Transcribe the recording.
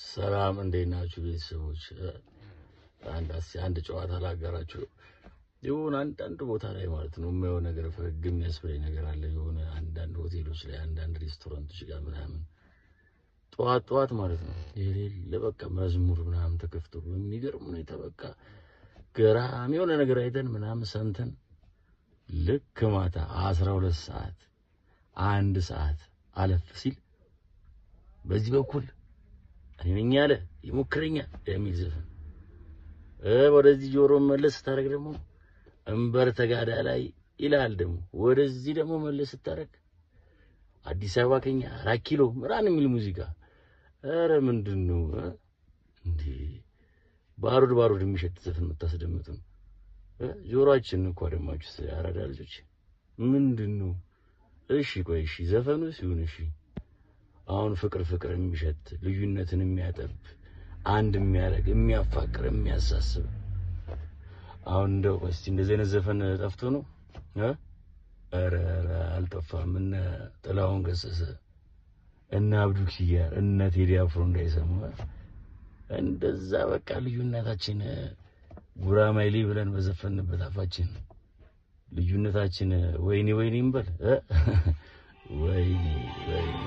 ሰላም እንዴት ናችሁ ቤተሰቦች? አንድ አስ አንድ ጨዋታ ላጋራችሁ። የሆነ አንዳንድ ቦታ ላይ ማለት ነው የማየው ነገር ፈገግ የሚያስብለኝ ነገር አለ። የሆነ አንዳንድ ሆቴሎች ላይ፣ አንዳንድ ሬስቶራንቶች ጋር ምናምን ጠዋት ጠዋት ማለት ነው የሌለ በቃ መዝሙር ምናምን ተከፍቶ በሚገርም ሁኔታ በቃ ገራሚ የሆነ ነገር አይተን ምናምን ሰምተን ልክ ማታ አስራ ሁለት ሰዓት አንድ ሰዓት አለፍ ሲል በዚህ በኩል እኔኛ አለ ይሞክረኛል የሚል ዘፈን ወደዚህ ጆሮ መለስ ስታደርግ ደግሞ እምበር ተጋዳ ላይ ይላል። ደግሞ ወደዚህ ደግሞ መለስ ስታደርግ አዲስ አበባ ከኛ አራት ኪሎ ምራን የሚል ሙዚቃ ኧረ ምንድን ነው እንዴ? ባሩድ ባሩድ የሚሸት ዘፈን የምታስደምጡ ነው። ጆሮአችን እኮ አደማችሁ፣ አራዳ ልጆች ምንድን ነው? እሺ ቆይ እሺ ዘፈኑ ሲሆን እሺ አሁን ፍቅር ፍቅር የሚሸት ልዩነትን የሚያጠብ አንድ የሚያደርግ የሚያፋቅር የሚያሳስብ አሁን እንደው እስቲ እንደዚህ አይነት ዘፈን ጠፍቶ ነው? ኧረ ኧረ አልጠፋም። እነ ጥላሁን ገሰሰ እነ አብዱ ኪያር እነ ቴዲ አፍሮ እንዳይሰማ እንደዛ በቃ ልዩነታችን ጉራማይሌ ብለን በዘፈንበት አፋችን ልዩነታችን ወይኔ ወይኔ እንበል ወይኔ ወይኔ